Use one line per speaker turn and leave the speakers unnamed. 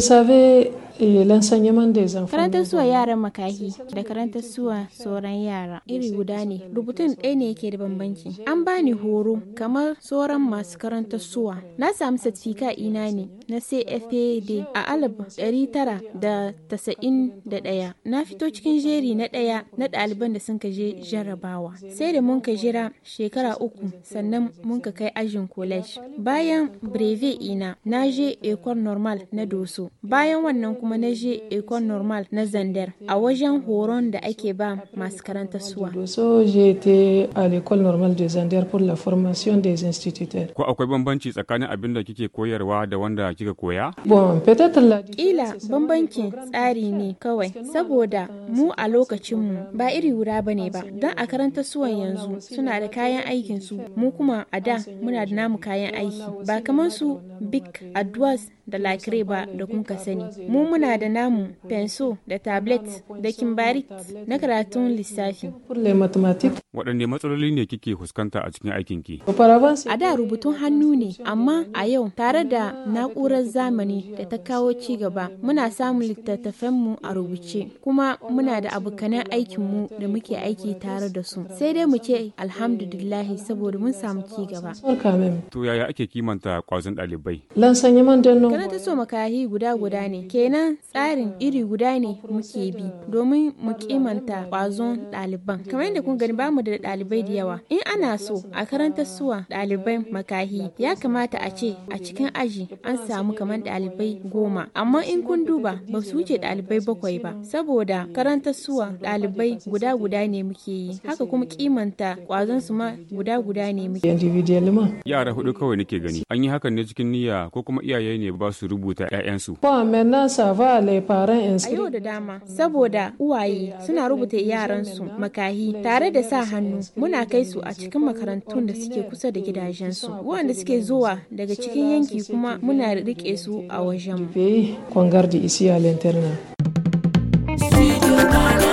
vous savez, Eh, karantar suwa yaran makahi da karantar suwa sauran yara iri guda ne rubutun ɗaya ne yake da bambanci. An bani horo kamar sauran masu karantar suwa. Na samu satifika ina ne na CFAD a alif ɗari tara da tasa'in da ɗaya. Na fito cikin jeri na ɗaya na ɗaliban da sun ka je jarrabawa. Sai da mun ka jira shekara uku sannan mun ka kai ajin college. Bayan breve ina na je Ecole Normal na Doso. Bayan wannan kuma kuma na je Ecole Normal na Zandar a wajen horon da ake ba masu karanta suwa.
Ko akwai bambanci tsakanin abin da kike koyarwa da wanda kika koya?
Kila bambancin tsari ne kawai saboda mu a lokacin mu ba iri wura ba ne ba don a karanta suwan yanzu suna da kayan aikin su mu kuma a da muna da namu kayan aiki ba kamar su Big adwas da lakire ba da kun ka sani mu muna da namu fenso da tablet da kimbarit na karatun lissafi.
Waɗanne matsaloli ne kike fuskanta a cikin aikin aikinki?
A da rubutun hannu ne, amma a yau tare da na'urar zamani da ta kawo ci gaba muna samun littattafanmu a rubuce kuma muna da abokanan aikinmu da muke aiki tare da su. Sai dai mu ce alhamdulillahi saboda mun samu ci gaba.
To yaya ake kimanta kwazon ɗalibai?
Kana ta so makahi guda guda ne, kenan wannan tsarin iri guda ne muke bi domin mu kimanta kwazon ɗaliban. Kamar yadda kun gani bamu da ɗalibai da yawa. In ana so a karanta suwa ɗalibai makahi ya kamata a ce a cikin aji an samu kamar ɗalibai goma. Amma in kun duba ba su wuce ɗalibai bakwai ba. Saboda karanta suwa ɗalibai guda guda ne muke yi. Haka kuma kimanta kwazon su ma guda guda ne muke.
Yara hudu kawai nake gani. An yi hakan ne cikin niyya ko kuma iyaye ne ba su rubuta 'ya'yansu.
A yau da dama, saboda uwaye suna rubuta yaransu makahi tare da sa hannu muna kai su a cikin makarantun da suke kusa da gidajensu. Waɗanda suke zuwa daga cikin yanki kuma muna riƙe su a wajen wajenmu.